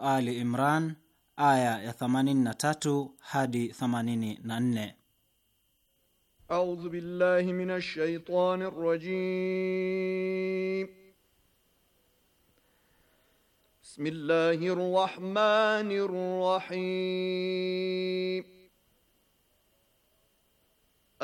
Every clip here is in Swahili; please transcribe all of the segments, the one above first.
Ali Imran aya ya 83 hadi 84. A'udhu billahi minash shaitanir rajim. Bismillahir rahmanir rahim.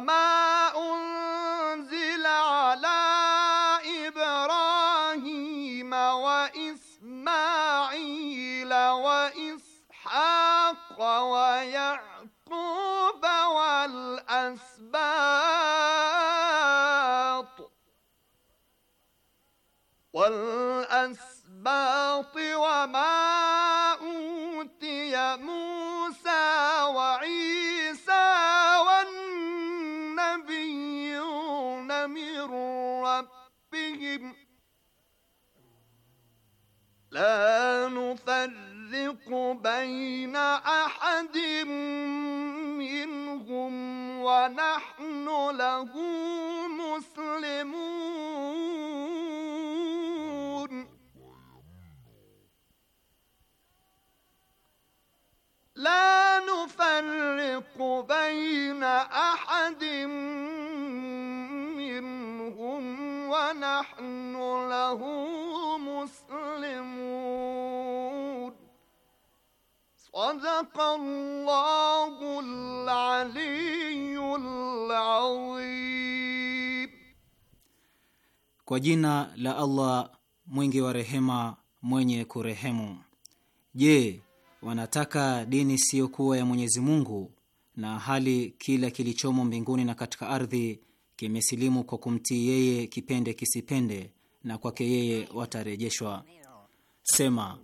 Mom. لا نفرق بين أحد منهم ونحن له Kwa jina la Allah mwingi wa rehema, mwenye kurehemu. Je, wanataka dini kuwa ya Mwenyezi Mungu, na hali kila kilichomo mbinguni na katika ardhi kimesilimu kwa kumtii yeye, kipende kisipende, na kwake yeye watarejeshwa. Sema,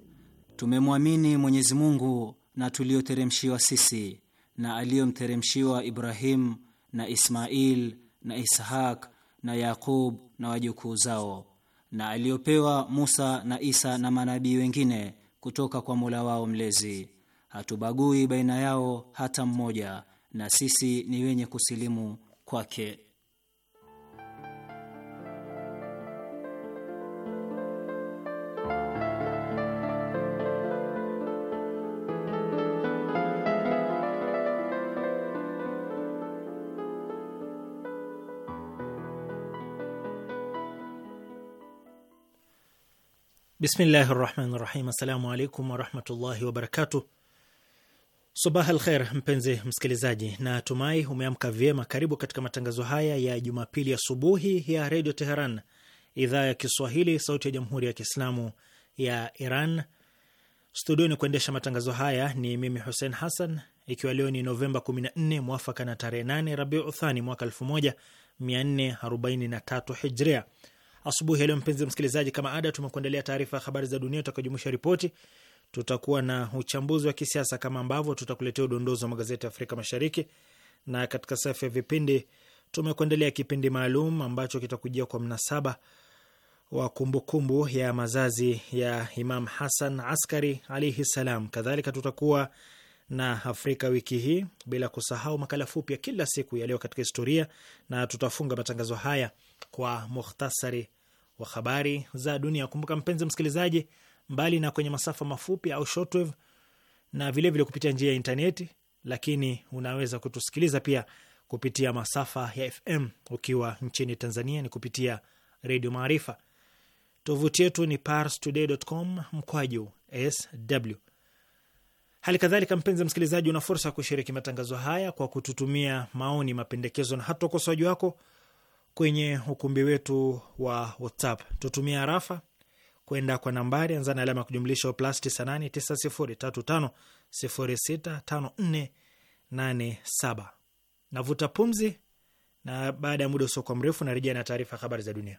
tumemwamini Mwenyezi Mungu na tuliyoteremshiwa sisi na aliyomteremshiwa Ibrahim na Ismail na Ishaq na Yakub na wajukuu zao na aliyopewa Musa na Isa na manabii wengine kutoka kwa Mola wao mlezi. Hatubagui baina yao hata mmoja, na sisi ni wenye kusilimu kwake. Bismillahi rahmani rahim. Assalamu alaikum warahmatullahi wabarakatu. Subah al kher, mpenzi msikilizaji, na tumai umeamka vyema. Karibu katika matangazo haya ya Jumapili asubuhi ya, ya Redio Teheran, idhaa ya Kiswahili, sauti ya Jamhuri ya Kiislamu ya Iran. Studioni kuendesha matangazo haya ni mimi Hussein Hassan, ikiwa leo ni Novemba 14 mwafaka na tarehe 8 Rabiu Uthani mwaka 1443 Hijria asubuhi ya leo. Mpenzi msikilizaji, kama ada, tumekuandalia taarifa ya habari za dunia utakaojumuisha ripoti, tutakuwa na uchambuzi wa kisiasa kama ambavyo tutakuletea udondozi wa magazeti ya Afrika Mashariki, na katika safu ya vipindi tumekuandalia kipindi maalum ambacho kitakujia kwa mnasaba wa kumbukumbu kumbu ya mazazi ya Imam Hasan Askari alaihi salam. Kadhalika tutakuwa na Afrika wiki hii, bila kusahau makala fupi ya kila siku ya leo katika historia, na tutafunga matangazo haya kwa mukhtasari wa habari za dunia. Kumbuka mpenzi msikilizaji, mbali na kwenye masafa mafupi au shortwave na vilevile vile kupitia njia ya intaneti, lakini unaweza kutusikiliza pia kupitia masafa ya FM ukiwa nchini Tanzania ni kupitia Redio Maarifa. Tovuti yetu ni parstoday.com mkwaju sw. Hali kadhalika, mpenzi msikilizaji, una fursa ya kushiriki matangazo haya kwa kututumia maoni, mapendekezo na hata ukosoaji wako kwenye ukumbi wetu wa WhatsApp. Tutumia harafa kwenda kwa nambari anza na alama ya kujumlisha plus 989035065487. Navuta pumzi na baada ya muda usio kwa mrefu narejea na taarifa habari za dunia.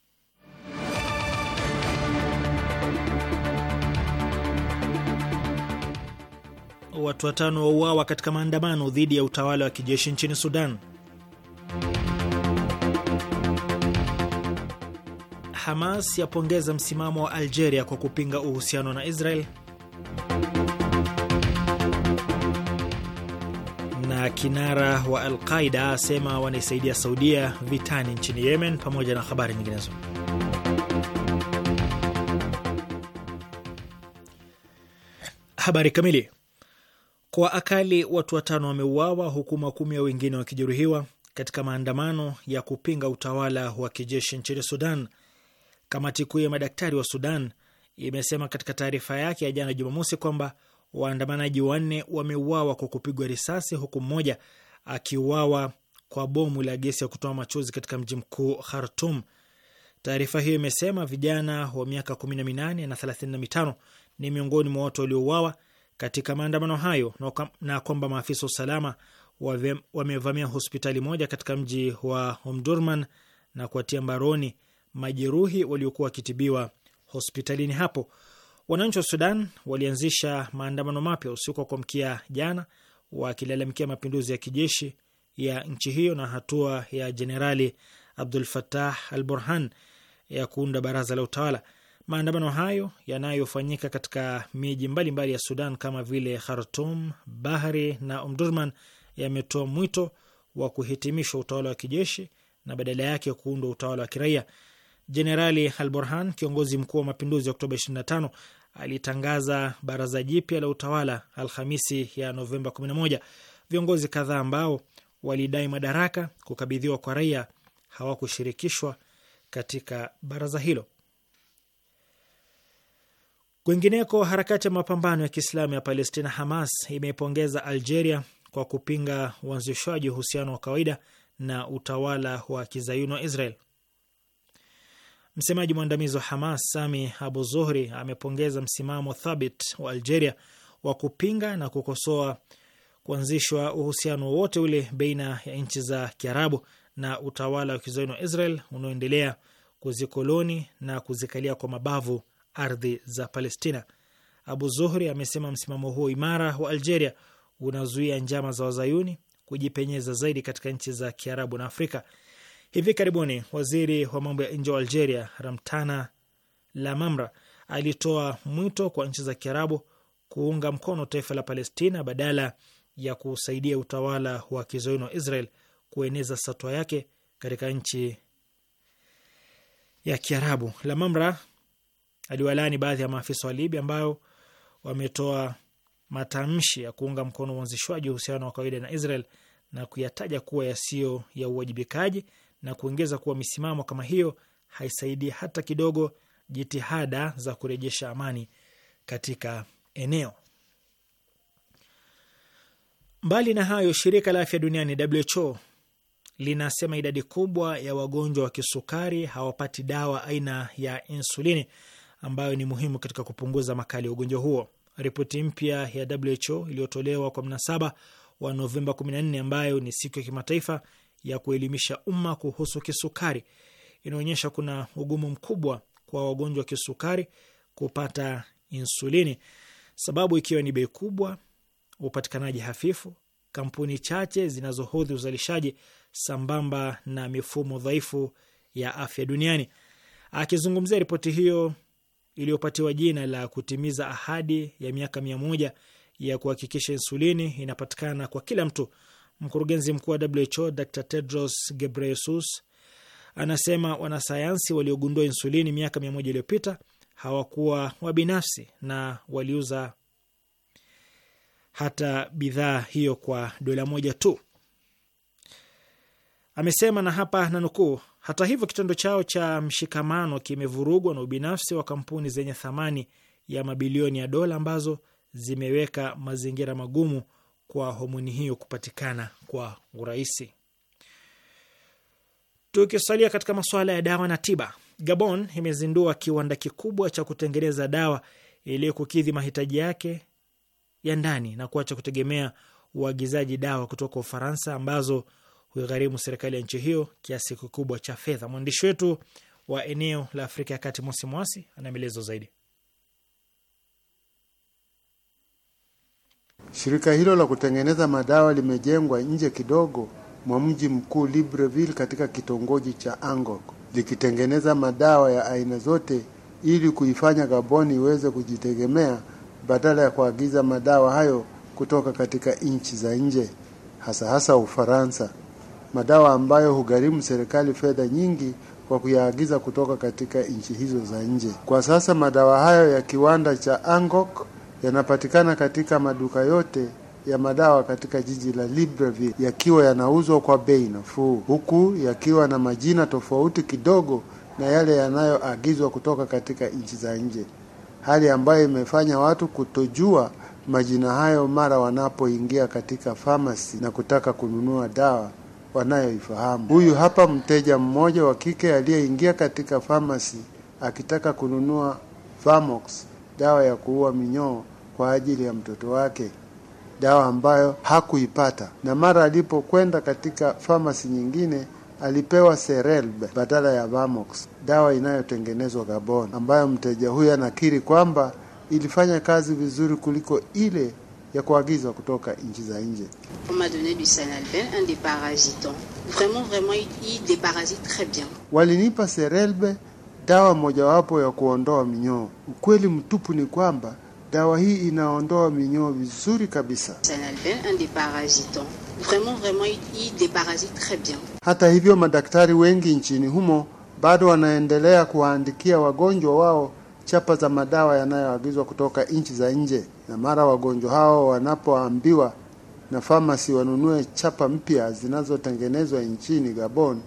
watu watano wauawa katika maandamano dhidi ya utawala wa kijeshi nchini Sudan. Hamas yapongeza msimamo wa Algeria kwa kupinga uhusiano na Israel. Na kinara wa Alqaida asema wanaisaidia Saudia vitani nchini Yemen, pamoja na habari nyinginezo. Habari kamili. Kwa akali watu watano wameuawa huku makumi ya wengine wakijeruhiwa katika maandamano ya kupinga utawala wa kijeshi nchini Sudan. Kamati kuu ya madaktari wa Sudan imesema katika taarifa yake ya jana Jumamosi kwamba waandamanaji wanne wameuawa kwa kupigwa risasi huku mmoja akiuawa kwa bomu la gesi ya kutoa machozi katika mji mkuu Khartum. Taarifa hiyo imesema vijana wa miaka 18 na 35 ni miongoni mwa watu waliouawa katika maandamano hayo na kwamba maafisa wa usalama wamevamia hospitali moja katika mji wa Omdurman na kuwatia mbaroni majeruhi waliokuwa wakitibiwa hospitalini hapo. Wananchi wa Sudan walianzisha maandamano mapya usiku wa kuamkia jana, wakilalamikia mapinduzi ya kijeshi ya nchi hiyo na hatua ya Jenerali Abdul fatah al Burhan ya kuunda baraza la utawala. Maandamano hayo yanayofanyika katika miji mbalimbali ya Sudan kama vile Khartum, Bahri na Omdurman umm yametoa mwito wa kuhitimishwa utawala wa kijeshi na badala yake kuundwa utawala wa kiraia. Jenerali Al Burhan, kiongozi mkuu wa mapinduzi ya Oktoba 25, alitangaza baraza jipya la utawala Alhamisi ya Novemba 11. Viongozi kadhaa ambao walidai madaraka kukabidhiwa kwa raia hawakushirikishwa katika baraza hilo. Kwingineko, harakati ya mapambano ya Kiislamu ya Palestina Hamas imeipongeza Algeria kwa kupinga uanzishwaji uhusiano wa kawaida na utawala wa kizayuni wa Israel. Msemaji mwandamizi wa Hamas Sami Abu Zuhri amepongeza msimamo thabit wa Algeria wa kupinga na kukosoa kuanzishwa uhusiano wowote ule baina ya nchi za Kiarabu na utawala wa kizayuni wa Israel unaoendelea kuzikoloni na kuzikalia kwa mabavu ardhi za Palestina. Abu Zuhri amesema msimamo huo imara wa Algeria unazuia njama za wazayuni kujipenyeza zaidi katika nchi za Kiarabu na Afrika. Hivi karibuni waziri wa mambo ya nje wa Algeria Ramtana Lamamra alitoa mwito kwa nchi za Kiarabu kuunga mkono taifa la Palestina badala ya kusaidia utawala wa kizayuni wa Israel kueneza satwa yake katika nchi ya Kiarabu. Lamamra aliwalani baadhi ya maafisa wa Libya ambayo wametoa matamshi ya kuunga mkono uanzishwaji wa uhusiano wa kawaida na Israel na kuyataja kuwa yasiyo ya uwajibikaji na kuongeza kuwa misimamo kama hiyo haisaidii hata kidogo jitihada za kurejesha amani katika eneo. Mbali na hayo, shirika la afya duniani WHO linasema idadi kubwa ya wagonjwa wa kisukari hawapati dawa aina ya insulini ambayo ni muhimu katika kupunguza makali ya ugonjwa huo. Ripoti mpya ya WHO iliyotolewa kwa mnasaba wa Novemba 14 ambayo ni siku ya kimataifa ya kuelimisha umma kuhusu kisukari inaonyesha kuna ugumu mkubwa kwa wagonjwa wa kisukari kupata insulini, sababu ikiwa ni bei kubwa, upatikanaji hafifu, kampuni chache zinazohodhi uzalishaji sambamba na mifumo dhaifu ya afya duniani. Akizungumzia ripoti hiyo iliyopatiwa jina la kutimiza ahadi ya miaka mia moja ya kuhakikisha insulini inapatikana kwa kila mtu. Mkurugenzi mkuu wa WHO Dr Tedros Gebreyesus anasema wanasayansi waliogundua insulini miaka mia moja iliyopita hawakuwa wabinafsi na waliuza hata bidhaa hiyo kwa dola moja tu, amesema. Na hapa na nukuu, hata hivyo, kitendo chao cha mshikamano kimevurugwa na ubinafsi wa kampuni zenye thamani ya mabilioni ya dola ambazo zimeweka mazingira magumu kwa homoni hiyo kupatikana kwa urahisi. Tukisalia katika masuala ya dawa na tiba, Gabon imezindua kiwanda kikubwa cha kutengeneza dawa ili kukidhi mahitaji yake ya ndani na kuacha kutegemea uagizaji dawa kutoka Ufaransa ambazo kuigharimu serikali ya nchi hiyo kiasi kikubwa cha fedha. Mwandishi wetu wa eneo la Afrika ya Kati, Mosi Mwasi, ana maelezo zaidi. Shirika hilo la kutengeneza madawa limejengwa nje kidogo mwa mji mkuu Libreville katika kitongoji cha Angok, likitengeneza madawa ya aina zote ili kuifanya Gaboni iweze kujitegemea badala ya kuagiza madawa hayo kutoka katika nchi za nje, hasa hasa Ufaransa madawa ambayo hugharimu serikali fedha nyingi kwa kuyaagiza kutoka katika nchi hizo za nje. Kwa sasa madawa hayo ya kiwanda cha Angok yanapatikana katika maduka yote ya madawa katika jiji la Libreville yakiwa yanauzwa kwa bei nafuu, huku yakiwa na majina tofauti kidogo na yale yanayoagizwa kutoka katika nchi za nje, hali ambayo imefanya watu kutojua majina hayo mara wanapoingia katika famasi na kutaka kununua dawa wanayoifahamu. Huyu hapa mteja mmoja wa kike aliyeingia katika famasi akitaka kununua Famox, dawa ya kuua minyoo kwa ajili ya mtoto wake, dawa ambayo hakuipata, na mara alipokwenda katika famasi nyingine alipewa Serelbe badala ya Vamox, dawa inayotengenezwa Gabon, ambayo mteja huyu anakiri kwamba ilifanya kazi vizuri kuliko ile ya kuagizwa kutoka nchi za nje. Walinipa Serelbe, dawa mojawapo ya kuondoa minyoo. Ukweli mtupu ni kwamba dawa hii inaondoa minyoo vizuri kabisa. Hata hivyo, madaktari wengi nchini humo bado wanaendelea kuwaandikia wagonjwa wao chapa za madawa yanayoagizwa kutoka nchi za nje na mara wagonjwa hao wanapoambiwa na famasi wanunue chapa mpya zinazotengenezwa nchini Gabon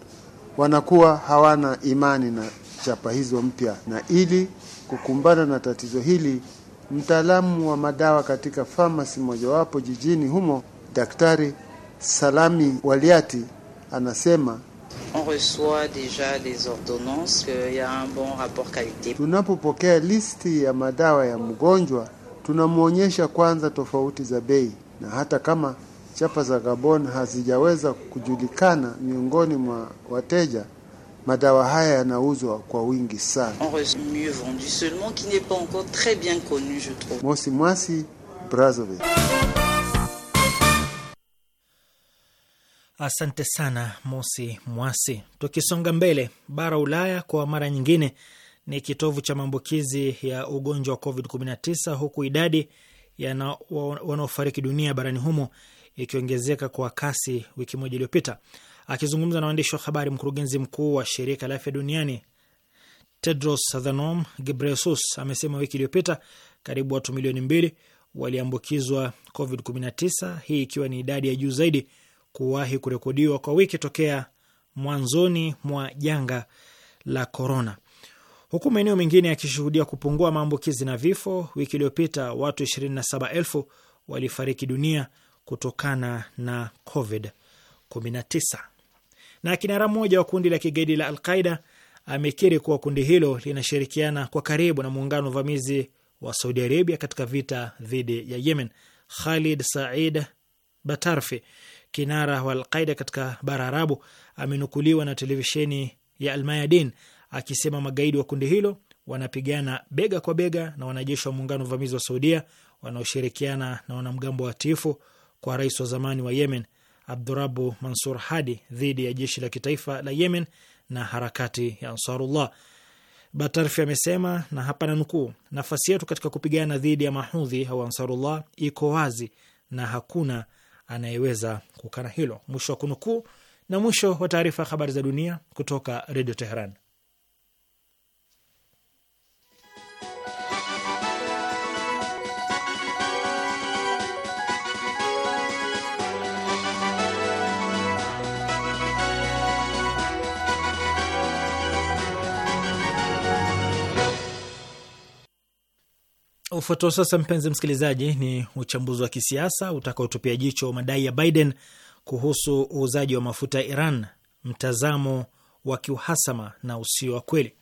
wanakuwa hawana imani na chapa hizo mpya. Na ili kukumbana na tatizo hili, mtaalamu wa madawa katika famasi mojawapo jijini humo, Daktari Salami Waliati anasema On reçoit ordonnances y a un bon rapport qualité. Tunapopokea listi ya madawa ya mgonjwa tunamwonyesha kwanza tofauti za bei, na hata kama chapa za Gabon hazijaweza kujulikana miongoni mwa wateja, madawa haya yanauzwa kwa wingi sana. Mosi Mwasi, Brazzaville. Asante sana Mosi Mwasi. Tukisonga mbele, bara Ulaya kwa mara nyingine ni kitovu cha maambukizi ya ugonjwa wa COVID-19 huku idadi ya wanaofariki dunia barani humo ikiongezeka kwa kasi wiki moja iliyopita. Akizungumza na waandishi wa habari, mkurugenzi mkuu wa shirika la afya duniani Tedros Adhanom Ghebreyesus amesema wiki iliyopita karibu watu milioni mbili waliambukizwa COVID-19, hii ikiwa ni idadi ya juu zaidi kuwahi kurekodiwa kwa wiki tokea mwanzoni mwa janga la korona huku maeneo mengine yakishuhudia kupungua maambukizi na vifo. Wiki iliyopita watu 27,000 walifariki dunia kutokana na COVID-19. Na kinara mmoja wa kundi la kigaidi la Alqaida amekiri kuwa kundi hilo linashirikiana kwa karibu na muungano uvamizi wa Saudi Arabia katika vita dhidi ya Yemen. Khalid Said Batarfi, kinara wa Alqaida katika bara Arabu, amenukuliwa na televisheni ya Almayadin akisema magaidi wa kundi hilo wanapigana bega kwa bega na wanajeshi wa muungano vamizi wa Saudia wanaoshirikiana na wanamgambo wa tifu kwa rais wa zamani wa Yemen Abdurabu Mansur Hadi dhidi ya jeshi la kitaifa la Yemen na harakati ya Ansarullah. Batarfi amesema, na hapa na nukuu, nafasi yetu katika kupigana dhidi ya Mahudhi au Ansarullah iko wazi na hakuna anayeweza kukana hilo. Mwisho wa kunukuu. Na mwisho wa taarifa ya habari za dunia kutoka Redio Teheran. Ufuatao sasa, mpenzi msikilizaji, ni uchambuzi wa kisiasa utakaotupia jicho madai ya Biden kuhusu uuzaji wa mafuta ya Iran, mtazamo wa kiuhasama na usio wa kweli.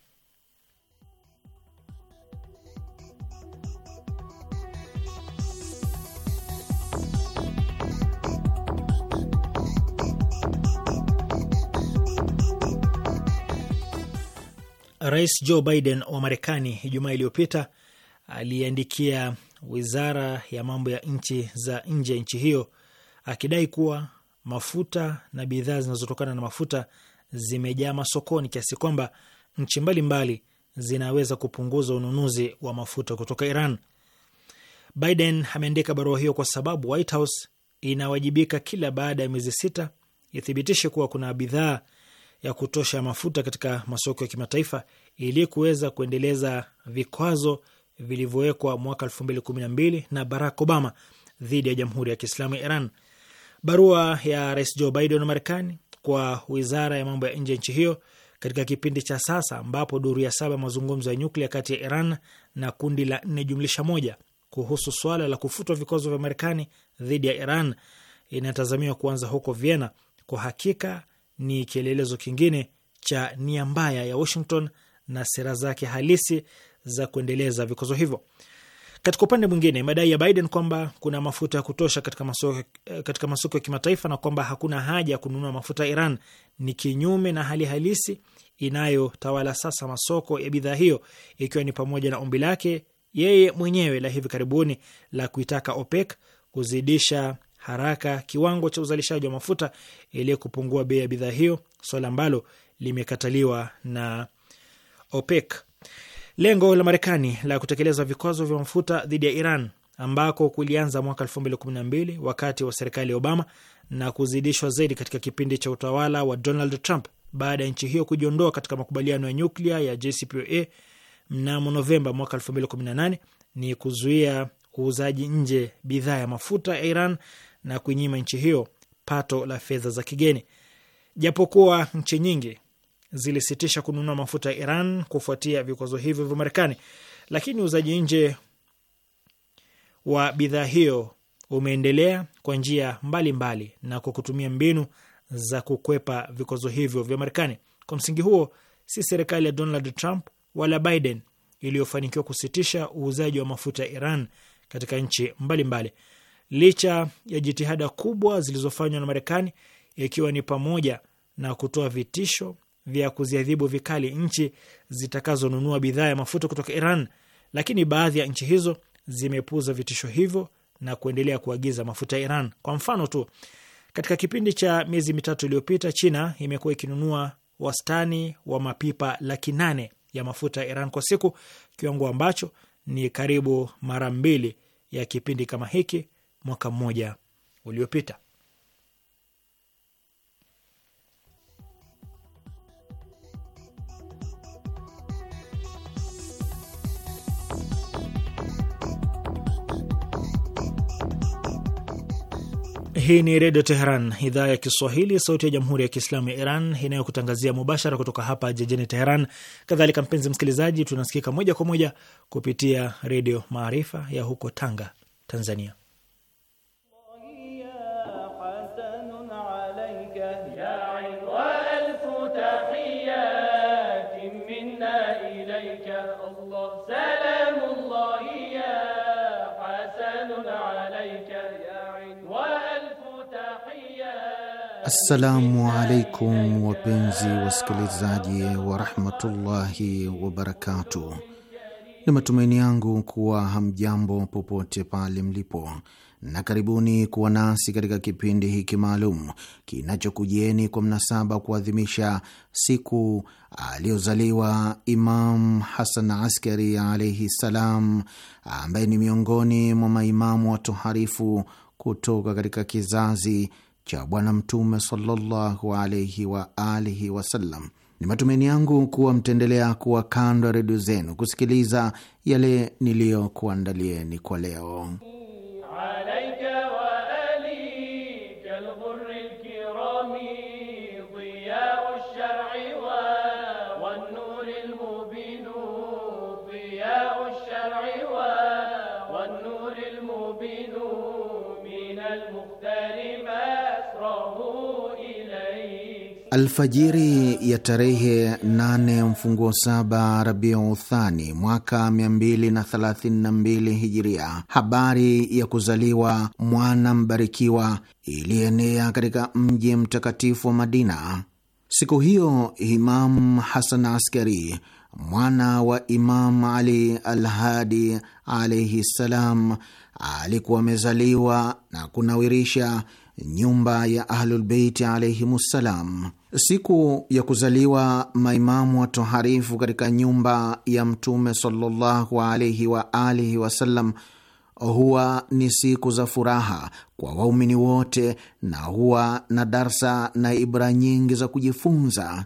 Rais Joe Biden wa Marekani Ijumaa iliyopita aliyeandikia wizara ya mambo ya nchi za nje ya nchi hiyo akidai kuwa mafuta na bidhaa zinazotokana na mafuta zimejaa masokoni kiasi kwamba nchi mbalimbali zinaweza kupunguza ununuzi wa mafuta kutoka Iran. Biden ameandika barua hiyo kwa sababu White House inawajibika kila baada ya miezi sita ithibitishe kuwa kuna bidhaa ya kutosha ya mafuta katika masoko ya kimataifa ili kuweza kuendeleza vikwazo vilivyowekwa mwaka 2012 na Barack Obama dhidi ya Jamhuri ya Kiislamu ya Iran. Barua ya Rais Joe Biden wa Marekani kwa Wizara ya Mambo ya Nje ya nchi hiyo katika kipindi cha sasa ambapo duru ya saba mazungumzo ya nyuklia kati ya Iran na kundi la nne jumlisha moja kuhusu swala la kufutwa vikwazo vya Marekani dhidi ya Iran inatazamiwa kuanza huko Vienna, kwa hakika ni kielelezo kingine cha nia mbaya ya Washington na sera zake halisi za kuendeleza vikwazo hivyo. Katika upande mwingine, madai ya Biden kwamba kuna mafuta ya kutosha katika masoko, katika masoko ya kimataifa na kwamba hakuna haja ya kununua mafuta Iran ni kinyume na hali halisi inayotawala sasa masoko ya bidhaa hiyo, ikiwa ni pamoja na ombi lake yeye mwenyewe la hivi karibuni la kuitaka OPEC kuzidisha haraka kiwango cha uzalishaji wa mafuta ili kupungua bei ya bidhaa hiyo, swala ambalo limekataliwa na OPEC. Lengo la Marekani la kutekeleza vikwazo vya mafuta dhidi ya Iran ambako kulianza mwaka 2012 wakati wa serikali ya Obama na kuzidishwa zaidi katika kipindi cha utawala wa Donald Trump baada ya nchi hiyo kujiondoa katika makubaliano ya nyuklia ya JCPOA mnamo Novemba mwaka 2018 ni kuzuia uuzaji nje bidhaa ya mafuta ya Iran na kuinyima nchi hiyo pato la fedha za kigeni. Japokuwa nchi nyingi zilisitisha kununua mafuta ya Iran kufuatia vikwazo hivyo vya Marekani, lakini uuzaji nje wa bidhaa hiyo umeendelea kwa njia mbalimbali na kwa kutumia mbinu za kukwepa vikwazo hivyo vya Marekani. Kwa msingi huo, si serikali ya Donald Trump wala Biden iliyofanikiwa kusitisha uuzaji wa mafuta ya Iran katika nchi mbalimbali licha ya jitihada kubwa zilizofanywa na Marekani, ikiwa ni pamoja na kutoa vitisho vya kuziadhibu vikali nchi zitakazonunua bidhaa ya mafuta kutoka Iran, lakini baadhi ya nchi hizo zimepuuza vitisho hivyo na kuendelea kuagiza mafuta ya Iran. Kwa mfano tu, katika kipindi cha miezi mitatu iliyopita, China imekuwa ikinunua wastani wa mapipa laki nane ya mafuta ya Iran kwa siku, kiwango ambacho ni karibu mara mbili ya kipindi kama hiki mwaka mmoja uliopita. Hii ni Redio Teheran, idhaa ya Kiswahili, sauti ya Jamhuri ya Kiislamu ya Iran, inayokutangazia mubashara kutoka hapa jijini Teheran. Kadhalika mpenzi msikilizaji, tunasikika moja kwa moja kupitia Redio Maarifa ya huko Tanga, Tanzania. Assalamu alaikum wapenzi wasikilizaji warahmatullahi wabarakatuh. Ni matumaini yangu kuwa hamjambo popote pale mlipo, na karibuni kuwa nasi katika kipindi hiki maalum kinachokujieni kwa mnasaba kuadhimisha siku aliyozaliwa Imam Hasan Askari alaihi ssalam, ambaye ni miongoni mwa maimamu watoharifu kutoka katika kizazi cha Bwana Mtume sallallahu alaihi wa alihi wasallam. Ni matumaini yangu kuwa mtaendelea kuwa kando ya redio zenu kusikiliza yale niliyokuandalieni kwa leo. Alfajiri ya tarehe 8 mfunguo 7 Rabiu Uthani mwaka 232 Hijiria, habari ya kuzaliwa mwana mbarikiwa ilienea katika mji mtakatifu wa Madina. Siku hiyo imam Hasan Askari mwana wa Imam Ali Alhadi alaihi ssalam alikuwa amezaliwa na kunawirisha nyumba ya Ahlulbeiti alaihimussalam ssalam. Siku ya kuzaliwa maimamu watoharifu katika nyumba ya Mtume sallallahu alaihi wa alihi wasallam huwa ni siku za furaha kwa waumini wote na huwa na darsa na ibra nyingi za kujifunza.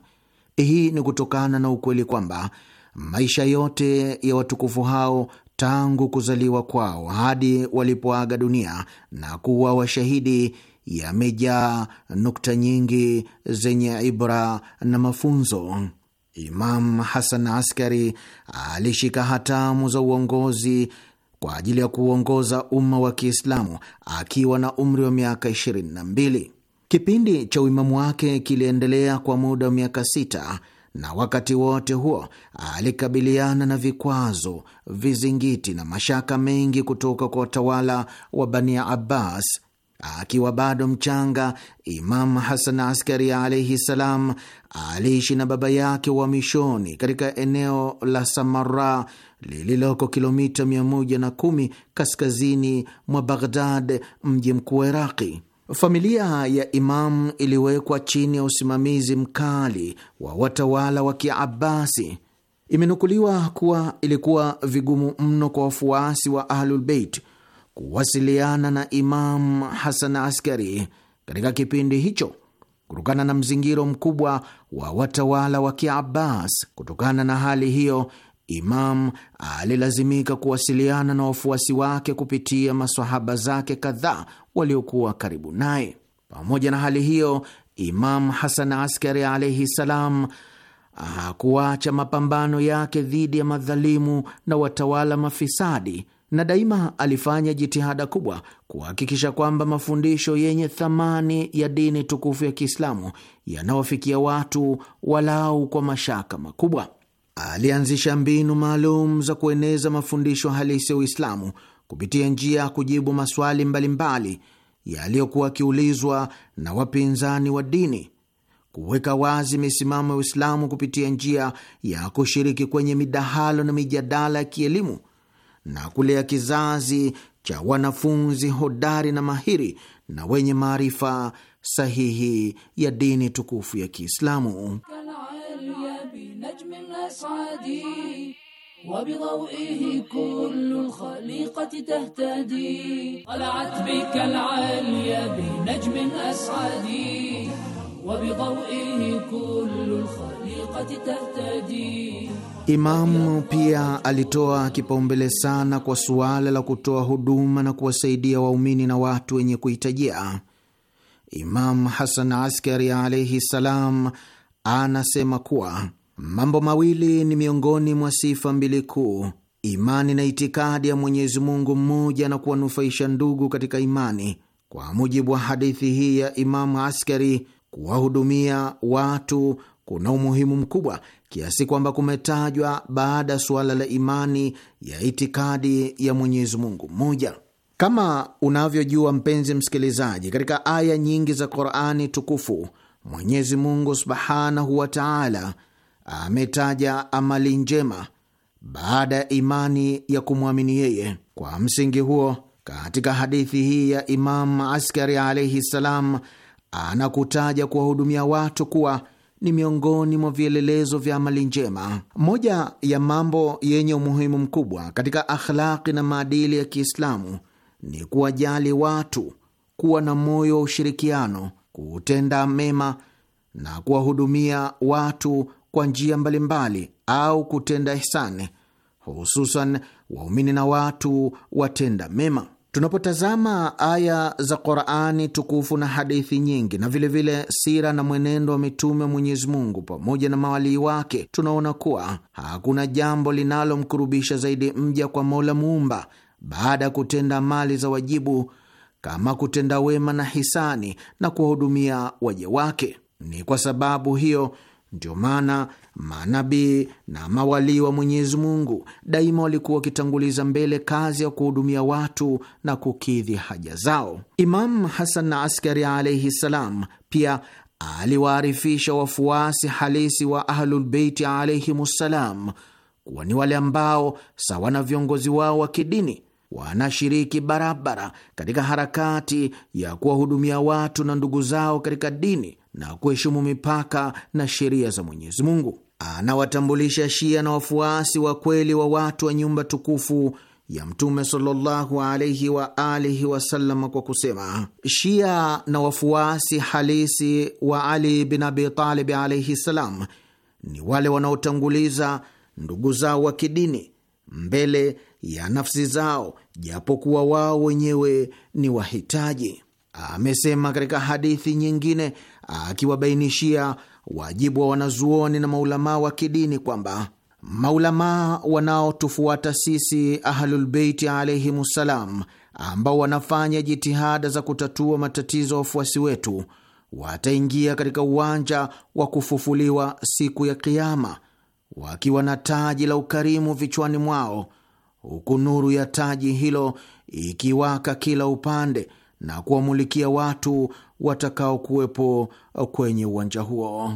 Hii ni kutokana na ukweli kwamba maisha yote ya watukufu hao tangu kuzaliwa kwao hadi walipoaga dunia na kuwa washahidi yamejaa nukta nyingi zenye ibra na mafunzo. Imam Hasan Askari alishika hatamu za uongozi kwa ajili ya kuuongoza umma wa Kiislamu akiwa na umri wa miaka 22. Kipindi cha uimamu wake kiliendelea kwa muda wa miaka sita, na wakati wote huo alikabiliana na vikwazo, vizingiti na mashaka mengi kutoka kwa watawala wa Bani Abbas Akiwa bado mchanga, Imam Hasan Askari alaihi ssalam aliishi na baba yake mishoni katika eneo la Samara lililoko kilomita 110 kaskazini mwa Baghdad, mji mkuu wa Iraqi. Familia ya Imam iliwekwa chini ya usimamizi mkali wa watawala wa Kiabasi. Imenukuliwa kuwa ilikuwa vigumu mno kwa wafuasi wa Ahlulbeit kuwasiliana na Imam Hasan Askari katika kipindi hicho kutokana na mzingiro mkubwa wa watawala wa Kiabbas. Kutokana na hali hiyo, Imam alilazimika kuwasiliana na wafuasi wake kupitia masahaba zake kadhaa waliokuwa karibu naye. Pamoja na hali hiyo, Imam Hasan Askari alaihi salam hakuacha mapambano yake dhidi ya madhalimu na watawala mafisadi na daima alifanya jitihada kubwa kuhakikisha kwamba mafundisho yenye thamani ya dini tukufu ya Kiislamu yanawafikia watu walau kwa mashaka makubwa. Alianzisha mbinu maalum za kueneza mafundisho halisi ya Uislamu kupitia njia ya kujibu maswali mbalimbali yaliyokuwa akiulizwa na wapinzani wa dini, kuweka wazi misimamo ya Uislamu kupitia njia ya kushiriki kwenye midahalo na mijadala ya kielimu na kulea kizazi cha wanafunzi hodari na mahiri na wenye maarifa sahihi ya dini tukufu ya Kiislamu. Imamu pia alitoa kipaumbele sana kwa suala la kutoa huduma na kuwasaidia waumini na watu wenye kuhitajia. Imamu Hasan Askari alaihi salam anasema kuwa mambo mawili ni miongoni mwa sifa mbili kuu: imani na itikadi ya Mwenyezi Mungu mmoja na kuwanufaisha ndugu katika imani. Kwa mujibu wa hadithi hii ya Imamu Askari, kuwahudumia watu kuna umuhimu mkubwa kiasi kwamba kumetajwa baada ya suala la imani ya itikadi ya Mwenyezi Mungu mmoja. Kama unavyojua mpenzi msikilizaji, katika aya nyingi za Qurani tukufu Mwenyezi Mungu subhanahu wa taala ametaja amali njema baada ya imani ya kumwamini yeye. Kwa msingi huo, katika hadithi hii ya imamu Askari alaihi ssalam, anakutaja kuwahudumia watu kuwa ni miongoni mwa vielelezo vya amali njema. Moja ya mambo yenye umuhimu mkubwa katika akhlaki na maadili ya Kiislamu ni kuwajali watu, kuwa na moyo wa ushirikiano, kutenda mema na kuwahudumia watu kwa njia mbalimbali au kutenda ihsani, hususan waumini na watu watenda mema. Tunapotazama aya za Qurani tukufu na hadithi nyingi na vilevile vile sira na mwenendo wa mitume wa Mwenyezi Mungu pamoja na mawalii wake, tunaona kuwa hakuna jambo linalomkurubisha zaidi mja kwa Mola Muumba baada ya kutenda mali za wajibu kama kutenda wema na hisani na kuwahudumia waja wake. Ni kwa sababu hiyo ndio maana Manabii na mawalii wa Mwenyezi Mungu daima walikuwa wakitanguliza mbele kazi ya kuhudumia watu na kukidhi haja zao. Imamu Hasan na Askari alaihi ssalam pia aliwaarifisha wafuasi halisi wa Ahlulbeiti ssalam kuwa ni wale ambao sawa na viongozi wao wa kidini wanashiriki barabara katika harakati ya kuwahudumia watu na ndugu zao katika dini na kuheshimu mipaka na sheria za Mwenyezi Mungu anawatambulisha Shia na wafuasi wa kweli wa watu wa nyumba tukufu ya Mtume sallallahu alaihi wa alihi wasallam kwa kusema, Shia na wafuasi halisi wa Ali bin Abi Talib alaihi ssalam ni wale wanaotanguliza ndugu zao wa kidini mbele ya nafsi zao, japokuwa wao wenyewe ni wahitaji. Amesema katika hadithi nyingine akiwabainishia wajibu wa wanazuoni na maulamaa wa kidini kwamba maulamaa wanaotufuata sisi Ahlulbeiti ssalam, ambao wanafanya jitihada za kutatua matatizo ya wafuasi wetu wataingia katika uwanja wa kufufuliwa siku ya Kiama wakiwa na taji la ukarimu vichwani mwao, huku nuru ya taji hilo ikiwaka kila upande na kuwamulikia watu watakaokuwepo kwenye uwanja huo.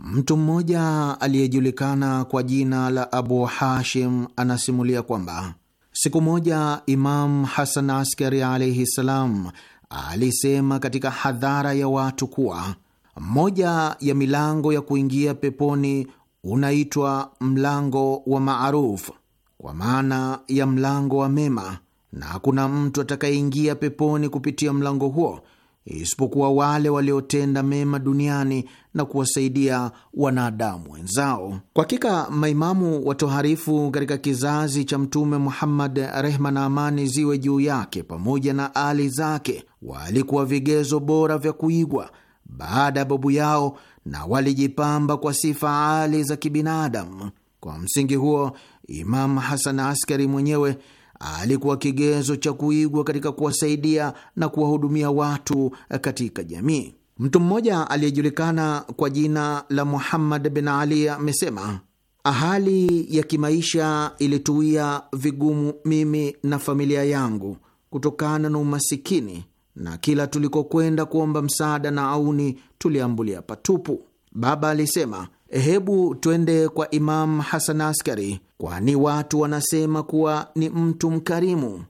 Mtu mmoja aliyejulikana kwa jina la Abu Hashim anasimulia kwamba siku moja Imam Hasan Askari alaihi ssalam alisema katika hadhara ya watu kuwa moja ya milango ya kuingia peponi unaitwa mlango wa maaruf, kwa maana ya mlango wa mema, na hakuna mtu atakayeingia peponi kupitia mlango huo isipokuwa wale waliotenda mema duniani na kuwasaidia wanadamu wenzao. Kwa hakika maimamu watoharifu katika kizazi cha Mtume Muhammad, rehma na amani ziwe juu yake, pamoja na ali zake, walikuwa vigezo bora vya kuigwa baada ya babu yao na walijipamba kwa sifa ali za kibinadamu. Kwa msingi huo, Imamu Hasan Askari mwenyewe alikuwa kigezo cha kuigwa katika kuwasaidia na kuwahudumia watu katika jamii. Mtu mmoja aliyejulikana kwa jina la Muhammad bin Ali amesema hali ya kimaisha ilituia vigumu mimi na familia yangu kutokana na umasikini na kila tulikokwenda kuomba msaada na auni tuliambulia patupu. Baba alisema, hebu twende kwa imam Hasan Askari, kwani watu wanasema kuwa ni mtu mkarimu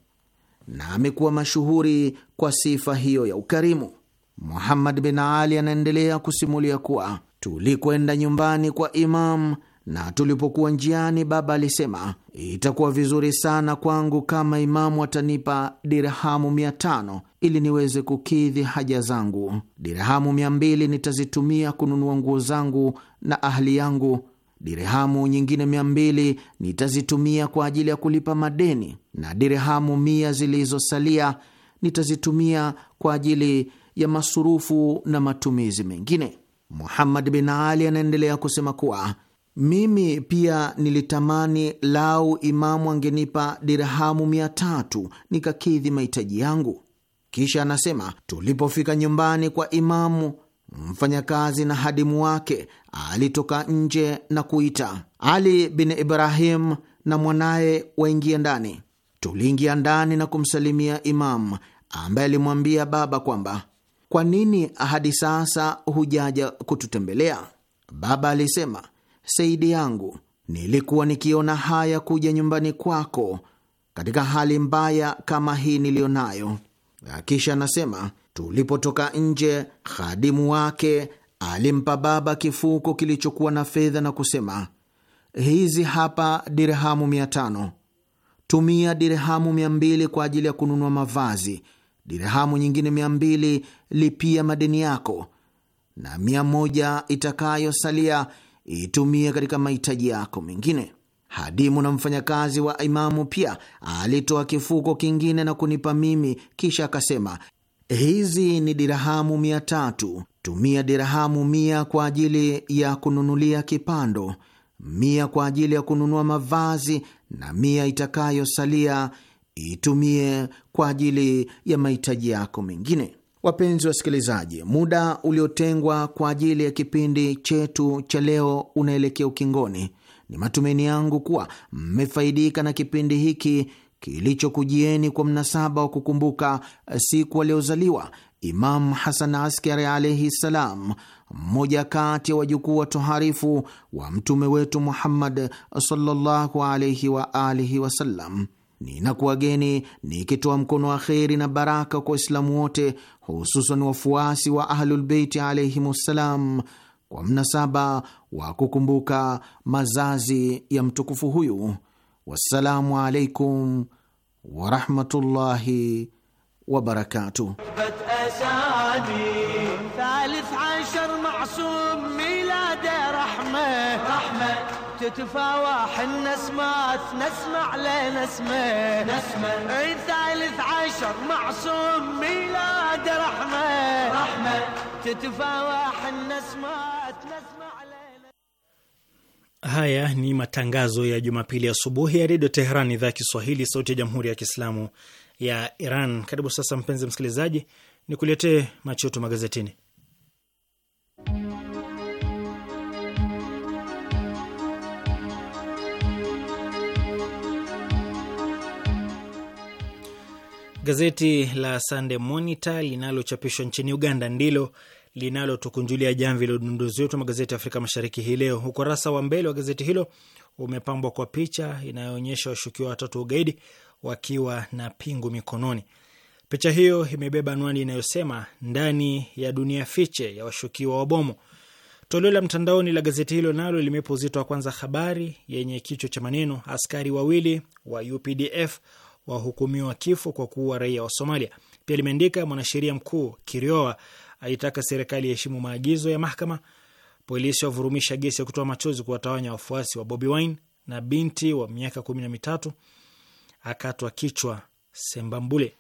na amekuwa mashuhuri kwa sifa hiyo ya ukarimu. Muhammad bin Ali anaendelea kusimulia kuwa tulikwenda nyumbani kwa imam na tulipokuwa njiani, baba alisema itakuwa vizuri sana kwangu kama imamu atanipa dirhamu mia tano ili niweze kukidhi haja zangu. Dirhamu mia mbili nitazitumia kununua nguo zangu na ahli yangu. Dirhamu nyingine mia mbili nitazitumia kwa ajili ya kulipa madeni, na dirhamu mia zilizosalia nitazitumia kwa ajili ya masurufu na matumizi mengine. Muhammad bin Ali anaendelea kusema kuwa mimi pia nilitamani lau imamu angenipa dirhamu mia tatu nikakidhi mahitaji yangu. Kisha anasema tulipofika nyumbani kwa imamu, mfanyakazi na hadimu wake alitoka nje na kuita Ali bin Ibrahim na mwanaye waingie ndani. Tuliingia ndani na kumsalimia imamu ambaye alimwambia baba kwamba kwa nini hadi sasa hujaja kututembelea? Baba alisema Seidi yangu, nilikuwa nikiona haya kuja nyumbani kwako katika hali mbaya kama hii niliyo nayo. Kisha anasema tulipotoka nje, khadimu wake alimpa baba kifuko kilichokuwa na fedha na kusema, hizi hapa dirhamu mia tano, tumia dirhamu mia mbili kwa ajili ya kununua mavazi, dirhamu nyingine mia mbili lipia madeni yako, na mia moja itakayosalia itumie katika mahitaji yako mengine. Hadimu na mfanyakazi wa imamu pia alitoa kifuko kingine na kunipa mimi, kisha akasema, hizi ni dirahamu mia tatu. Tumia dirahamu mia kwa ajili ya kununulia kipando, mia kwa ajili ya kununua mavazi, na mia itakayosalia itumie kwa ajili ya mahitaji yako mengine. Wapenzi wasikilizaji, muda uliotengwa kwa ajili ya kipindi chetu cha leo unaelekea ukingoni. Ni matumaini yangu kuwa mmefaidika na kipindi hiki kilichokujieni kwa mnasaba wa kukumbuka eh, siku aliozaliwa Imam Hasan Askari alaihi ssalam, mmoja kati ya wajukuu watoharifu wa mtume wetu Muhammad sallallahu alaihi waalihi wasallam. Ninakuwageni nikitoa mkono wa kheri na baraka kwa Waislamu wote hususan wafuasi wa Ahlulbeiti alaihim alaihimussalam kwa mnasaba wa kukumbuka mazazi ya mtukufu huyu. Wassalamu alaikum warahmatullahi wabarakatuh. تتفاوح النسمات نسمع لنا اسمه نسمة ثالث عشر معصوم ميلاد رحمة رحمة تتفاوح النسمات نسمع Haya ni matangazo ya Jumapili asubuhi ya Redio Teheran, idhaa ya Kiswahili, sauti ya Jamhuri ya Kiislamu ya Iran. Karibu sasa, mpenzi msikilizaji, ni nikuletee machoto magazetini. Gazeti la Sunday Monitor linalochapishwa nchini Uganda ndilo linalotukunjulia jamvi la udunduzi wetu magazeti ya Afrika Mashariki hii leo. Ukurasa wa mbele wa gazeti hilo umepambwa kwa picha inayoonyesha washukiwa watatu wa ugaidi wakiwa na pingu mikononi. Picha hiyo imebeba anwani inayosema ndani ya dunia fiche ya washukiwa wa bomu. Toleo la mtandaoni la gazeti hilo nalo limepa uzito wa kwanza habari yenye kichwa cha maneno askari wawili wa UPDF wahukumiwa kifo kwa kuua raia wa Somalia. Pia limeandika mwanasheria mkuu Kirioa aitaka serikali iheshimu maagizo ya mahakama, polisi wavurumisha gesi ya kutoa machozi kuwatawanya wafuasi wa Bobi Wine, na binti wa miaka kumi na mitatu akatwa kichwa Sembambule.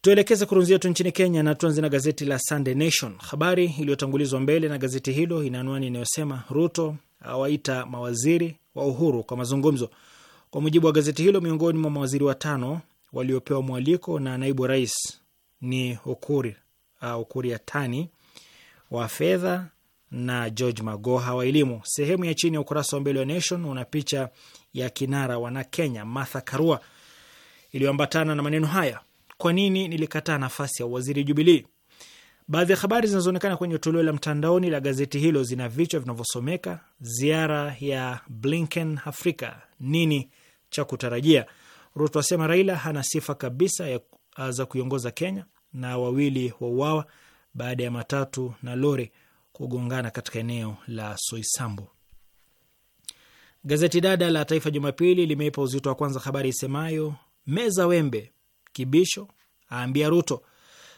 Tuelekeze kurunzi yetu nchini Kenya na tuanze na gazeti la Sunday Nation. Habari iliyotangulizwa mbele na gazeti hilo ina anwani inayosema Ruto awaita mawaziri wa Uhuru kwa mazungumzo. Kwa mujibu wa gazeti hilo, miongoni mwa mawaziri watano waliopewa mwaliko na naibu rais ni Ukuri uh, Ukuri Yatani wa fedha na George Magoha wa elimu. Sehemu ya chini ya ukurasa wa mbele wa Nation una picha ya kinara wana Kenya Martha Karua iliyoambatana na maneno haya, kwa nini nilikataa nafasi ya uwaziri Jubilii? Baadhi ya habari zinazoonekana kwenye toleo la mtandaoni la gazeti hilo zina vichwa vinavyosomeka: ziara ya Blinken Afrika, nini cha kutarajia. Ruto asema Raila hana sifa kabisa ya ah, za kuiongoza Kenya, na wawili wauawa baada ya matatu na lori kugongana katika eneo la Soisambu. Gazeti dada la Taifa Jumapili limeipa uzito wa kwanza habari isemayo meza wembe, Kibisho aambia Ruto.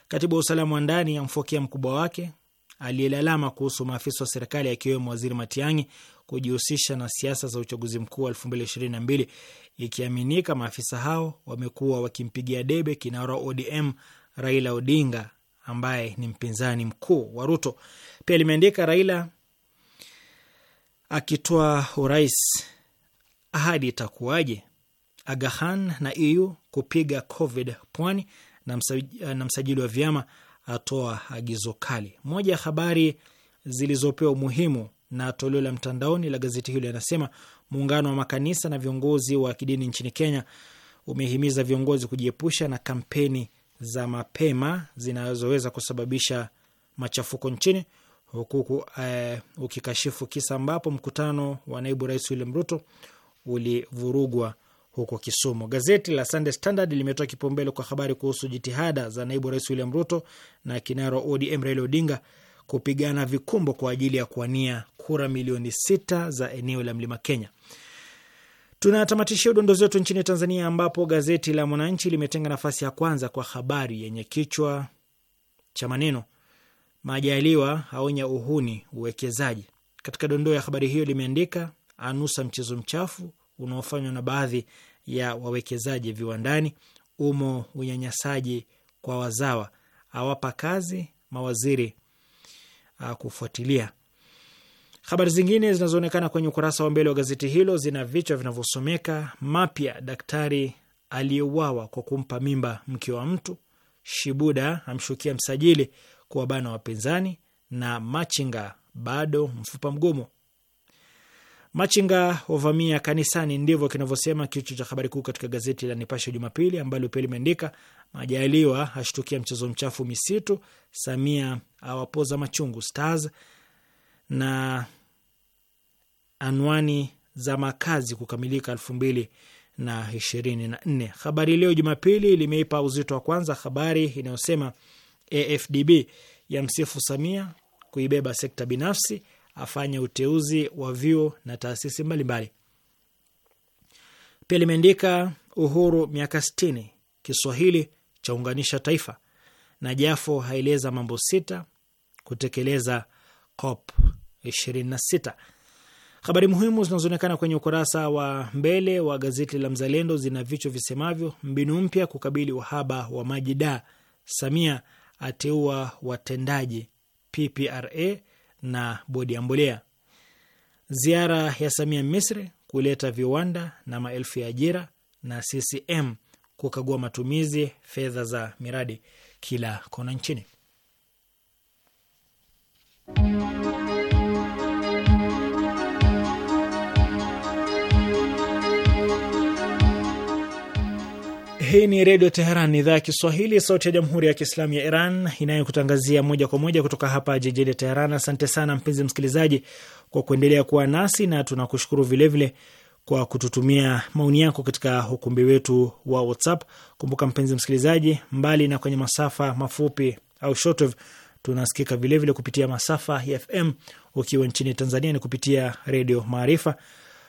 Katibu wa usalama wa ndani amfokia mkubwa wake aliyelalama kuhusu maafisa wa serikali akiwemo Waziri Matiang'i kujihusisha na siasa za uchaguzi mkuu wa elfu mbili ishirini na mbili, ikiaminika maafisa hao wamekuwa wakimpigia debe kinara ODM Raila Odinga ambaye ni mpinzani mkuu wa Ruto. Pia limeandika Raila akitoa urais ahadi itakuwaje, Aga Khan na EU kupiga Covid pwani, na msajili wa vyama atoa agizo kali. Moja ya habari zilizopewa umuhimu na toleo la mtandaoni la gazeti hilo yanasema muungano wa makanisa na viongozi wa kidini nchini Kenya umehimiza viongozi kujiepusha na kampeni za mapema zinazoweza kusababisha machafuko nchini huku eh, ukikashifu kisa ambapo mkutano wa naibu rais William Ruto ulivurugwa huko Kisumu. Gazeti la Sunday Standard limetoa kipaumbele kwa habari kuhusu jitihada za naibu rais William Ruto na kinara ODM Raila Odinga kupigana vikumbo kwa ajili ya kuwania kura milioni sita za eneo la mlima Kenya. Tunatamatishia udondozi wetu nchini Tanzania, ambapo gazeti la Mwananchi limetenga nafasi ya kwanza kwa habari yenye kichwa cha maneno Majaliwa aonya uhuni uwekezaji. Katika dondoo ya habari hiyo limeandika anusa mchezo mchafu unaofanywa na baadhi ya wawekezaji viwandani, umo unyanyasaji kwa wazawa, awapa kazi mawaziri Uh, kufuatilia. Habari zingine zinazoonekana kwenye ukurasa wa mbele wa gazeti hilo zina vichwa vinavyosomeka mapya: daktari aliyeuawa kwa kumpa mimba mke wa mtu, Shibuda amshukia msajili kuwabana wapinzani, na machinga bado mfupa mgumu. Machinga wavamia kanisani, ndivyo kinavyosema kichwa cha habari kuu katika gazeti la Nipashe Jumapili, ambalo pia limeandika Majaliwa ashtukia mchezo mchafu misitu, Samia awapoza machungu Stars na anwani za makazi kukamilika elfu mbili na ishirini na nne. Habari Leo Jumapili limeipa uzito wa kwanza habari inayosema AFDB ya msifu Samia kuibeba sekta binafsi afanye uteuzi wa vyuo na taasisi mbalimbali. Pia limeandika uhuru miaka sitini, Kiswahili chaunganisha taifa, na Jafo haeleza mambo sita kutekeleza COP 26. Habari muhimu zinazoonekana kwenye ukurasa wa mbele wa gazeti la Mzalendo zina vichwa visemavyo: mbinu mpya kukabili uhaba wa maji da, Samia ateua watendaji PPRA na bodi ya mbolea. Ziara ya Samia Misri kuleta viwanda na maelfu ya ajira, na CCM kukagua matumizi fedha za miradi kila kona nchini. Hii ni Redio Teheran, idhaa ya Kiswahili, sauti ya Jamhuri ya Kiislamu ya Iran inayokutangazia moja kwa moja kutoka hapa jijini Teheran. Asante sana mpenzi msikilizaji kwa kuendelea kuwa nasi na tunakushukuru vilevile kwa kututumia maoni yako katika ukumbi wetu wa WhatsApp. Kumbuka mpenzi msikilizaji, mbali na kwenye masafa mafupi au shortwave, tunasikika vilevile kupitia masafa ya FM. Ukiwa nchini Tanzania ni kupitia Redio Maarifa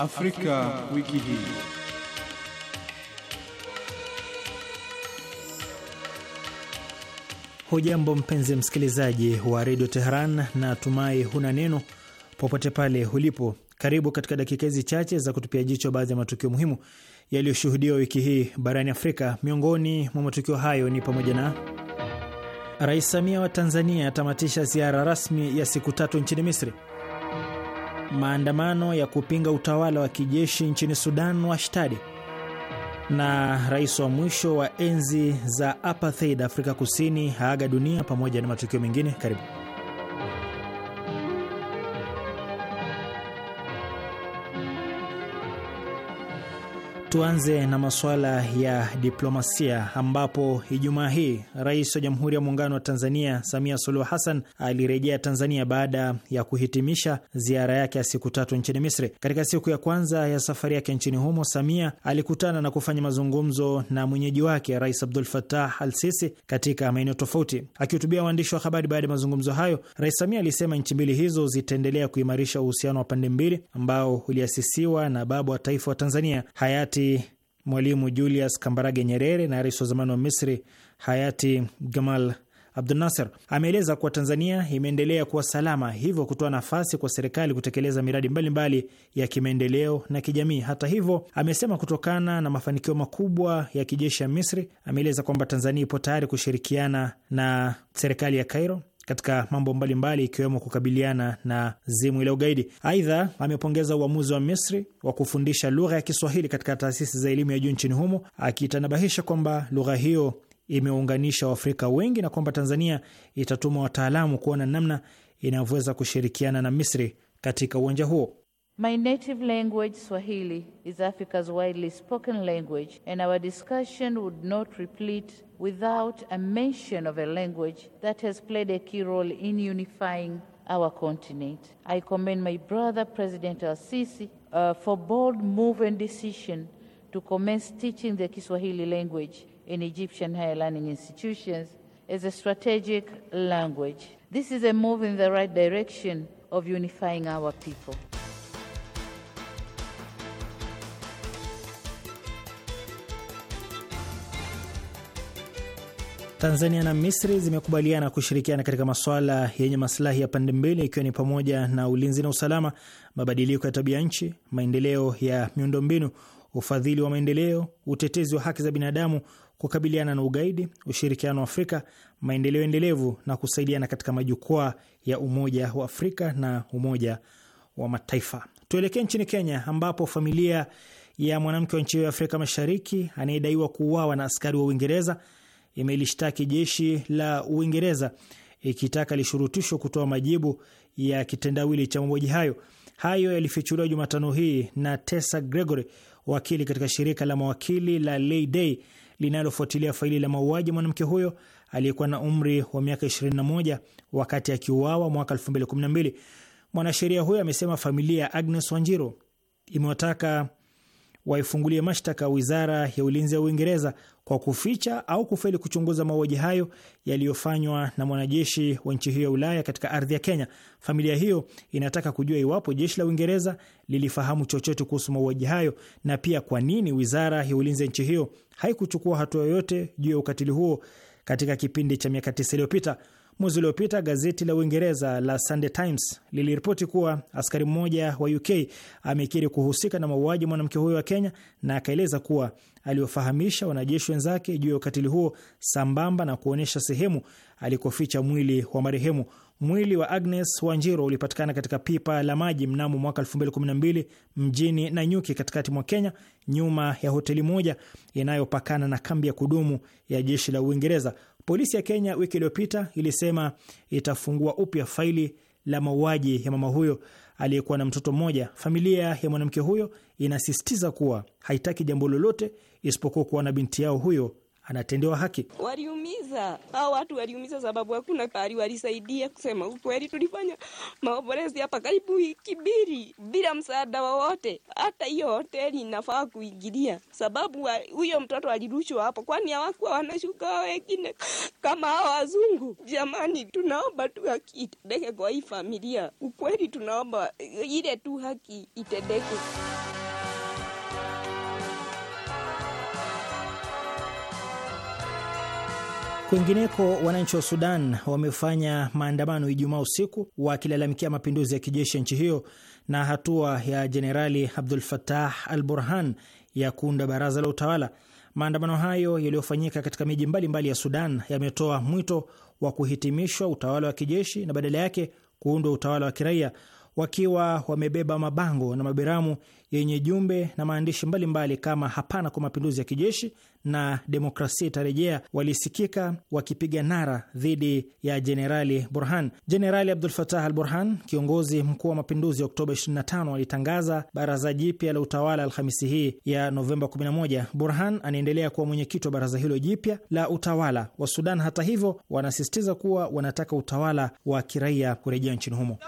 Afrika, wiki hii. Hujambo mpenzi msikilizaji wa redio Teheran na tumai huna neno popote pale ulipo. Karibu katika dakika hizi chache za kutupia jicho baadhi ya matukio muhimu yaliyoshuhudiwa wiki hii barani Afrika. Miongoni mwa matukio hayo ni pamoja na Rais Samia wa Tanzania atamatisha ziara rasmi ya siku tatu nchini Misri, maandamano ya kupinga utawala wa kijeshi nchini Sudan washtadi, na rais wa mwisho wa enzi za apartheid Afrika Kusini haaga dunia, pamoja na matukio mengine. Karibu. Tuanze na masuala ya diplomasia ambapo Ijumaa hii Rais wa Jamhuri ya Muungano wa Tanzania Samia Suluhu Hassan alirejea Tanzania baada ya kuhitimisha ziara yake ya siku tatu nchini Misri. Katika siku ya kwanza ya safari yake nchini humo, Samia alikutana na kufanya mazungumzo na mwenyeji wake Rais Abdul fatah Al Sisi katika maeneo tofauti. Akihutubia waandishi wa habari baada ya mazungumzo hayo, Rais Samia alisema nchi mbili hizo zitaendelea kuimarisha uhusiano wa pande mbili ambao uliasisiwa na baba wa taifa wa Tanzania hayati hayati Mwalimu Julius Kambarage Nyerere na rais wa zamani wa Misri hayati Gamal abdunasar ameeleza kuwa Tanzania imeendelea kuwa salama, hivyo kutoa nafasi kwa serikali kutekeleza miradi mbalimbali mbali ya kimaendeleo na kijamii. Hata hivyo, amesema kutokana na mafanikio makubwa ya kijeshi ya Misri, ameeleza kwamba Tanzania ipo tayari kushirikiana na serikali ya Cairo katika mambo mbalimbali ikiwemo mbali kukabiliana na zimu ile ugaidi. Aidha, amepongeza uamuzi wa Misri wa kufundisha lugha ya Kiswahili katika taasisi za elimu ya juu nchini humo, akitanabahisha kwamba lugha hiyo imeunganisha Waafrika wengi na kwamba Tanzania itatuma wataalamu kuona namna inavyoweza kushirikiana na Misri katika uwanja huo. My native language, Swahili, is Africa's widely spoken language, and our discussion would not replete without a mention of a language that has played a key role in unifying our continent. I commend my brother, President Al Sisi, uh, for bold move and decision to commence teaching the Kiswahili language in Egyptian higher learning institutions as a strategic language. This is a move in the right direction of unifying our people. Tanzania na Misri zimekubaliana kushirikiana katika masuala yenye masilahi ya pande mbili ikiwa ni pamoja na ulinzi na usalama, mabadiliko ya tabia nchi, maendeleo ya miundombinu, ufadhili wa maendeleo, utetezi wa haki za binadamu, kukabiliana na ugaidi, ushirikiano wa Afrika, maendeleo endelevu na kusaidiana katika majukwaa ya Umoja wa Afrika na Umoja wa Mataifa. Tuelekee nchini Kenya ambapo familia ya mwanamke wa nchi hiyo ya Afrika Mashariki anayedaiwa kuuawa na askari wa Uingereza imelishtaki jeshi la Uingereza ikitaka lishurutishwa kutoa majibu ya kitendawili cha mauaji hayo. Hayo yalifichuliwa Jumatano hii na Tessa Gregory, wakili katika shirika la mawakili la Lay Day linalofuatilia faili la mauaji mwanamke huyo aliyekuwa na umri wa miaka 21 wakati akiuawa mwaka 2012. Mwanasheria huyo amesema familia ya Agnes Wanjiru imewataka waifungulie mashtaka wizara ya ulinzi ya Uingereza kwa kuficha au kufeli kuchunguza mauaji hayo yaliyofanywa na mwanajeshi wa nchi hiyo ya Ulaya katika ardhi ya Kenya. Familia hiyo inataka kujua iwapo jeshi la Uingereza lilifahamu chochote kuhusu mauaji hayo na pia kwa nini wizara ya ulinzi ya nchi hiyo haikuchukua hatua yoyote juu ya ukatili huo katika kipindi cha miaka tisa iliyopita. Mwezi uliopita gazeti la Uingereza la Sunday Times liliripoti kuwa askari mmoja wa UK amekiri kuhusika na mauaji mwanamke huyo wa Kenya na akaeleza kuwa aliofahamisha wanajeshi wenzake juu ya ukatili huo sambamba na kuonyesha sehemu alikoficha mwili wa marehemu. Mwili wa Agnes wanjiro ulipatikana katika pipa la maji mnamo mwaka 2012 mjini Nanyuki katikati mwa Kenya, nyuma ya hoteli moja inayopakana na kambi ya kudumu ya jeshi la Uingereza. Polisi ya Kenya wiki iliyopita ilisema itafungua upya faili la mauaji ya mama huyo aliyekuwa na mtoto mmoja. Familia ya mwanamke huyo inasisitiza kuwa haitaki jambo lolote isipokuwa kuwa na binti yao huyo anatendewa haki. Waliumiza hao watu, waliumiza sababu hakuna pahali walisaidia. Kusema ukweli, tulifanya maoborezi hapa karibu wiki mbili bila msaada wowote. Hata hiyo hoteli inafaa kuingilia, sababu huyo mtoto alirushwa hapo, kwani hawakuwa wanashuka wengine kama hao wazungu. Jamani, tunaomba tu haki itendeke kwa hii familia. Ukweli tunaomba ile tu haki itendeke. Kwingineko, wananchi wa Sudan wamefanya maandamano Ijumaa usiku wakilalamikia mapinduzi ya kijeshi ya nchi hiyo na hatua ya Jenerali Abdul fatah al Burhan ya kuunda baraza la utawala. Maandamano hayo yaliyofanyika katika miji mbalimbali ya Sudan yametoa mwito wa kuhitimishwa utawala wa kijeshi na badala yake kuundwa utawala wa kiraia, wakiwa wamebeba mabango na mabiramu yenye jumbe na maandishi mbalimbali mbali kama hapana kwa mapinduzi ya kijeshi na demokrasia itarejea walisikika wakipiga nara dhidi ya Jenerali Burhan. Jenerali Abdul Fatah al Burhan, kiongozi mkuu wa mapinduzi Oktoba 25, alitangaza baraza jipya la utawala Alhamisi hii ya Novemba 11. Burhan anaendelea kuwa mwenyekiti wa baraza hilo jipya la utawala wa Sudan. Hata hivyo, wanasisitiza kuwa wanataka utawala wa kiraia kurejea nchini humo.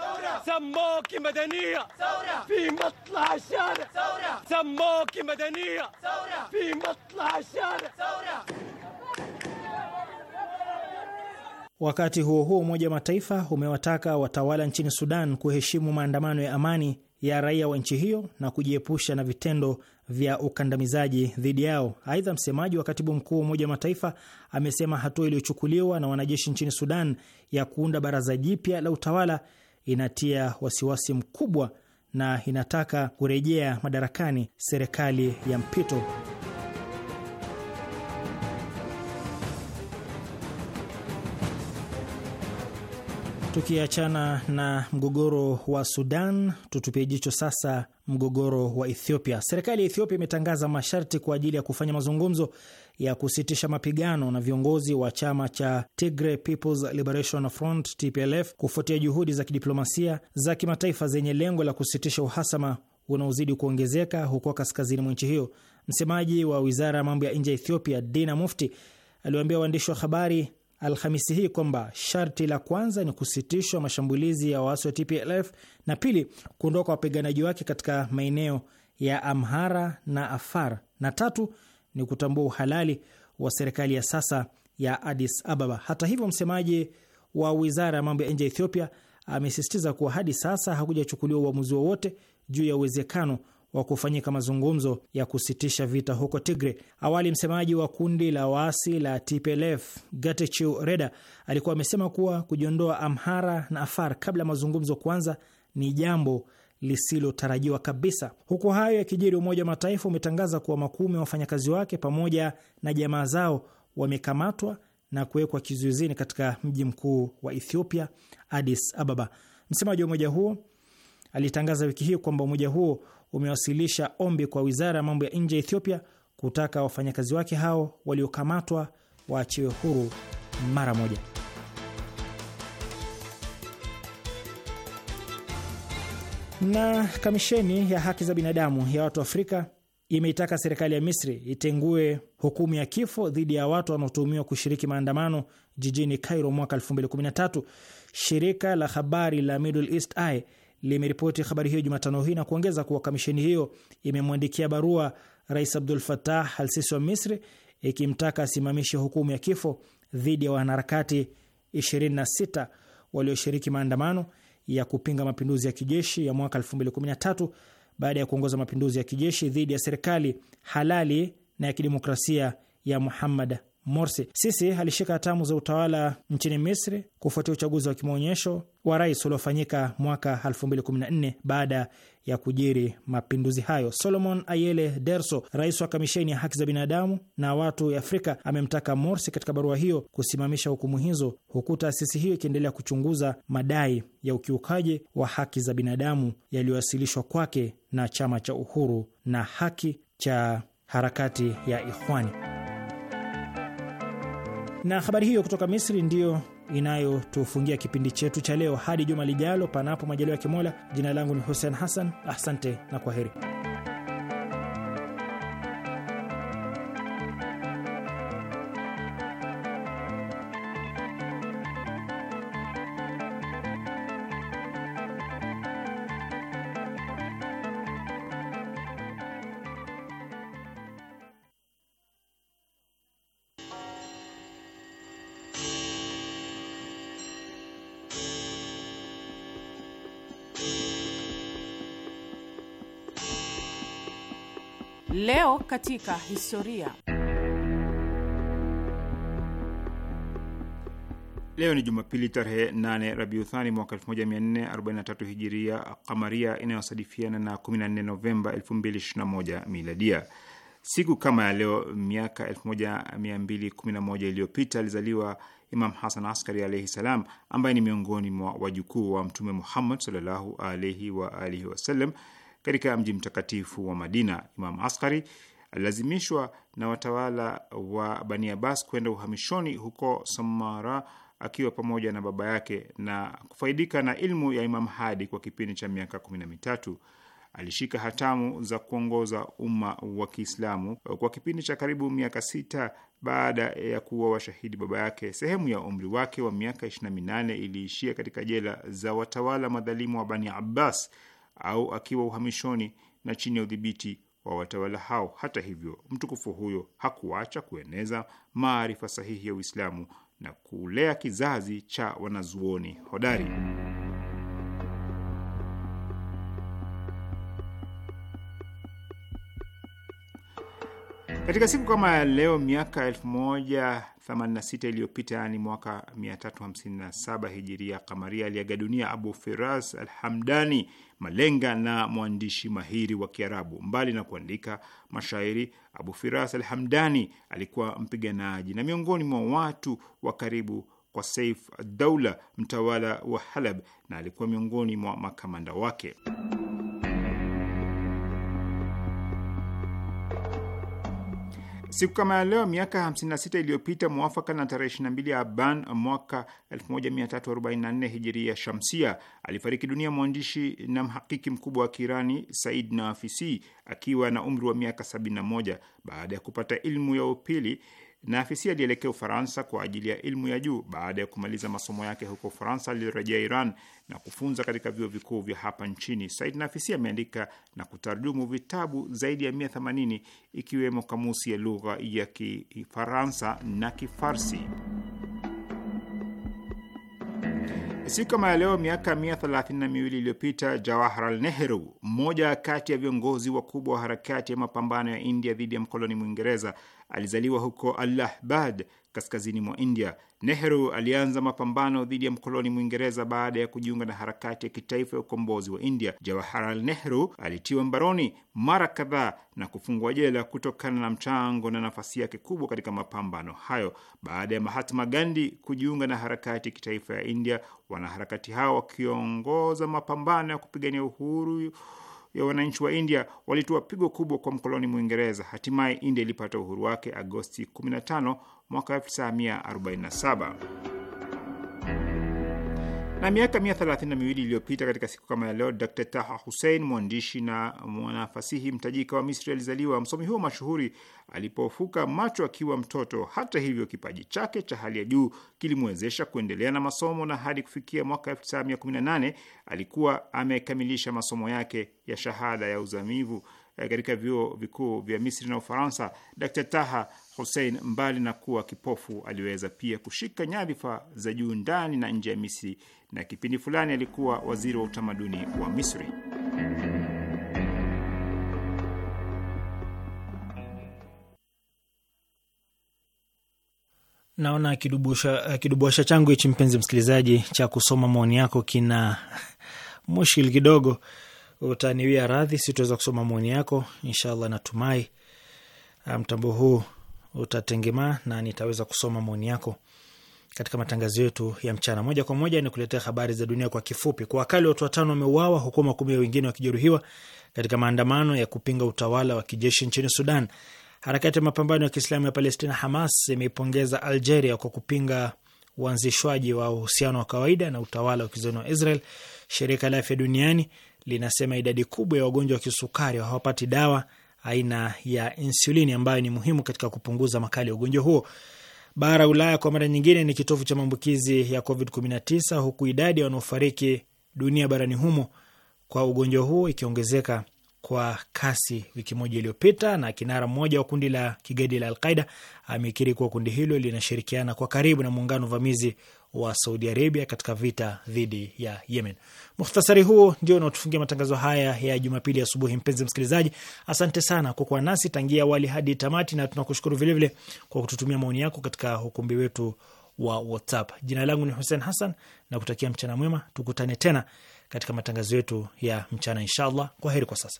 Wakati huo huo, Umoja wa Mataifa umewataka watawala nchini Sudan kuheshimu maandamano ya amani ya raia wa nchi hiyo na kujiepusha na vitendo vya ukandamizaji dhidi yao. Aidha, msemaji wa katibu mkuu wa Umoja wa Mataifa amesema hatua iliyochukuliwa na wanajeshi nchini Sudan ya kuunda baraza jipya la utawala inatia wasiwasi mkubwa na inataka kurejea madarakani serikali ya mpito. Tukiachana na mgogoro wa Sudan, tutupie jicho sasa mgogoro wa Ethiopia. Serikali ya Ethiopia imetangaza masharti kwa ajili ya kufanya mazungumzo ya kusitisha mapigano na viongozi wa chama cha Tigray People's Liberation Front TPLF kufuatia juhudi za kidiplomasia za kimataifa zenye lengo la kusitisha uhasama unaozidi kuongezeka huko kaskazini mwa nchi hiyo. Msemaji wa wizara ya mambo ya nje ya Ethiopia, Dina Mufti, aliwaambia waandishi wa habari Alhamisi hii kwamba sharti la kwanza ni kusitishwa mashambulizi ya waasi wa TPLF na pili, kuondoka wapiganaji wake katika maeneo ya Amhara na Afar, na tatu ni kutambua uhalali wa serikali ya sasa ya Addis Ababa. Hata hivyo, msemaji wa wizara ya mambo ya nje ya Ethiopia amesisitiza kuwa hadi sasa hakujachukuliwa uamuzi wowote juu ya uwezekano wa kufanyika mazungumzo ya kusitisha vita huko Tigre. Awali msemaji wa kundi la waasi la TPLF Getachew Reda alikuwa amesema kuwa kujiondoa Amhara na Afar kabla mazungumzo kuanza ni jambo lisilotarajiwa kabisa. Huku hayo yakijiri, Umoja wa Mataifa umetangaza kuwa makumi ya wafanyakazi wake pamoja na jamaa zao wamekamatwa na kuwekwa kizuizini katika mji mkuu wa Ethiopia, Addis Ababa. Msemaji wa umoja huo alitangaza wiki hii kwamba umoja huo umewasilisha ombi kwa wizara ya mambo ya nje ya Ethiopia kutaka wafanyakazi wake hao waliokamatwa waachiwe huru mara moja. Na kamisheni ya haki za binadamu ya watu Afrika imeitaka serikali ya Misri itengue hukumu ya kifo dhidi ya watu wanaotuhumiwa kushiriki maandamano jijini Cairo mwaka 2013. Shirika la habari la Middle East Eye limeripoti habari hiyo Jumatano hii na kuongeza kuwa kamisheni hiyo imemwandikia barua Rais Abdul fatah al-Sisi wa Misri ikimtaka asimamishe hukumu ya kifo dhidi ya wanaharakati 26 walioshiriki maandamano ya kupinga mapinduzi ya kijeshi ya mwaka 2013 baada ya kuongoza mapinduzi ya kijeshi dhidi ya serikali halali na ya kidemokrasia ya Muhammad Morsi. Sisi alishika hatamu za utawala nchini Misri kufuatia uchaguzi wa kimaonyesho wa rais uliofanyika mwaka 2014 baada ya kujiri mapinduzi hayo. Solomon Ayele Derso, rais wa kamisheni ya haki za binadamu na watu ya Afrika, amemtaka Morsi katika barua hiyo kusimamisha hukumu hizo, huku taasisi hiyo ikiendelea kuchunguza madai ya ukiukaji wa haki za binadamu yaliyowasilishwa kwake na chama cha uhuru na haki cha harakati ya Ikhwani. Na habari hiyo kutoka Misri ndiyo inayotufungia kipindi chetu cha leo. Hadi juma lijalo, panapo majaliwa ya Kimola. Jina langu ni Hussein Hassan, asante na kwa heri. katika historia. Leo ni Jumapili tarehe 8 Rabiuthani mwaka 1443 hijiria kamaria inayosadifiana na 14 Novemba 2021 miladia. Siku kama ya leo miaka 1211 iliyopita alizaliwa Imam Hasan Askari alaihi salam, ambaye ni miongoni mwa wajukuu wa Mtume Muhammad sallallahu alaihi wa alihi wasallam katika mji mtakatifu wa Madina. Imam Askari alilazimishwa na watawala wa Bani Abbas kwenda uhamishoni huko Samara akiwa pamoja na baba yake na kufaidika na ilmu ya Imam Hadi kwa kipindi cha miaka kumi na mitatu. Alishika hatamu za kuongoza umma wa Kiislamu kwa kipindi cha karibu miaka sita baada ya kuwa washahidi baba yake. Sehemu ya umri wake wa miaka minane iliishia katika jela za watawala madhalimu wa Bani Abbas au akiwa uhamishoni na chini ya udhibiti wa watawala hao. Hata hivyo, mtukufu huyo hakuacha kueneza maarifa sahihi ya Uislamu na kulea kizazi cha wanazuoni hodari. Katika siku kama ya leo miaka elfu moja 86 iliyopita, yaani mwaka 357 hijiria kamaria, aliaga dunia Abu Firas Alhamdani, malenga na mwandishi mahiri wa Kiarabu. Mbali na kuandika mashairi, Abu Firas Alhamdani alikuwa mpiganaji na miongoni mwa watu wa karibu kwa Saif Daula, mtawala wa Halab, na alikuwa miongoni mwa makamanda wake. Siku kama ya leo miaka 56 iliyopita mwafaka na tarehe 22 Aban mwaka 1344 hijiria shamsia alifariki dunia mwandishi na mhakiki mkubwa wa Kiirani Said Naafisi akiwa na umri wa miaka 71 baada ya kupata ilmu ya upili na afisi alielekea Ufaransa kwa ajili ya elimu ya juu. Baada ya kumaliza masomo yake huko Ufaransa, alirejea Iran na kufunza katika vyuo vikuu vya hapa nchini. Said Nafisi ameandika na kutarjumu vitabu zaidi ya 180 ikiwemo kamusi ya lugha ya Kifaransa na Kifarsi. Siku kama ya leo miaka mia thelathini na miwili iliyopita Jawaharlal Nehru, mmoja kati ya viongozi wakubwa wa harakati ya mapambano ya India dhidi ya mkoloni Mwingereza, Alizaliwa huko Allahabad kaskazini mwa India. Nehru alianza mapambano dhidi ya mkoloni Mwingereza baada ya kujiunga na harakati ya kitaifa ya ukombozi wa India. Jawaharlal Nehru alitiwa mbaroni mara kadhaa na kufungwa jela kutokana na mchango na nafasi yake kubwa katika mapambano hayo. Baada ya Mahatma Gandhi kujiunga na harakati ya kitaifa ya India, wanaharakati hao wakiongoza mapambano ya kupigania uhuru ya wananchi wa India walitoa pigo kubwa kwa mkoloni Mwingereza. Hatimaye India ilipata uhuru wake Agosti 15 mwaka 1947. Na miaka mia thelathini na miwili iliyopita katika siku kama ya leo, Dr Taha Hussein, mwandishi na mwanafasihi mtajika wa Misri, alizaliwa. Msomi huo mashuhuri alipofuka macho akiwa mtoto. Hata hivyo, kipaji chake cha hali ya juu kilimwezesha kuendelea na masomo na hadi kufikia mwaka 1918 alikuwa amekamilisha masomo yake ya shahada ya uzamivu e, katika vyuo vikuu vya Misri na Ufaransa. Dr Taha Hussein, mbali na kuwa kipofu, aliweza pia kushika nyadhifa za juu ndani na nje ya Misri, na kipindi fulani alikuwa waziri wa utamaduni wa Misri. Naona kidubuasha changu hichi, mpenzi msikilizaji, cha kusoma maoni yako kina mushkil kidogo. Utaniwia radhi, sitaweza kusoma maoni yako. Inshallah, natumai mtambo huu utatengemaa na nitaweza kusoma maoni yako katika matangazo yetu ya mchana. Moja kwa moja ni kuletea habari za dunia kwa kifupi. Kwa wakali watu watano wameuawa huku makumi ya wengine wakijeruhiwa katika maandamano ya kupinga utawala wa kijeshi nchini Sudan. Harakati ya mapambano ya Kiislamu ya Palestina Hamas imeipongeza Algeria kwa kupinga uanzishwaji wa uhusiano wa kawaida na utawala wa kizoni wa Israel. Shirika la Afya Duniani linasema idadi kubwa ya wagonjwa wa kisukari hawapati dawa aina ya insulini ambayo ni muhimu katika kupunguza makali ya ugonjwa huo. Bara Ulaya kwa mara nyingine ni kitovu cha maambukizi ya COVID-19 huku idadi ya wanaofariki dunia barani humo kwa ugonjwa huo ikiongezeka kwa kasi wiki moja iliyopita, na kinara mmoja wa kundi la kigaidi la Alqaida amekiri kuwa kundi hilo linashirikiana kwa karibu na muungano vamizi wa Saudi Arabia katika vita dhidi ya Yemen. Mukhtasari huo ndio unaotufungia matangazo haya ya Jumapili asubuhi. Mpenzi msikilizaji, asante sana kwa kuwa nasi tangia awali hadi tamati, na tunakushukuru vilevile kwa kututumia maoni yako katika ukumbi wetu wa WhatsApp. Jina langu ni Hussein Hassan na kutakia mchana mwema, tukutane tena katika matangazo yetu ya mchana inshallah. Kwa heri kwa sasa.